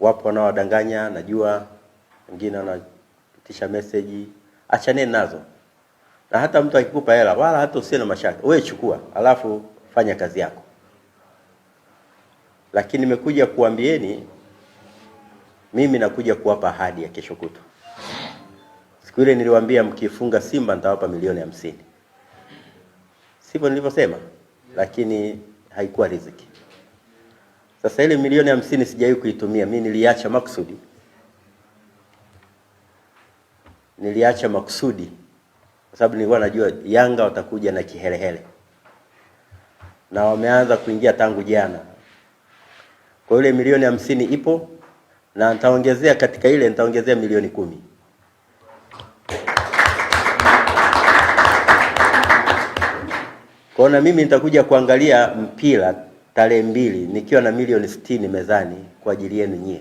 wapo wanaowadanganya, najua wengine wanapitisha message, achane nazo. Na hata mtu akikupa hela, wala hata usiye na mashaka, wewe chukua, alafu fanya kazi yako. Lakini nimekuja kuambieni, mimi nakuja kuwapa ahadi ya kesho kutwa. Siku ile niliwaambia, mkifunga Simba nitawapa milioni hamsini, sivyo nilivyosema? Lakini haikuwa riziki. Sasa ile milioni hamsini sijawahi kuitumia mimi, niliacha makusudi, niliacha makusudi kwa sababu nilikuwa najua Yanga watakuja na kihelehele na wameanza kuingia tangu jana. Kwa ile milioni hamsini ipo na nitaongezea katika ile, nitaongezea milioni kumi kwa na mimi nitakuja kuangalia mpira tarehe mbili nikiwa na milioni sitini mezani kwa ajili yenu nyie.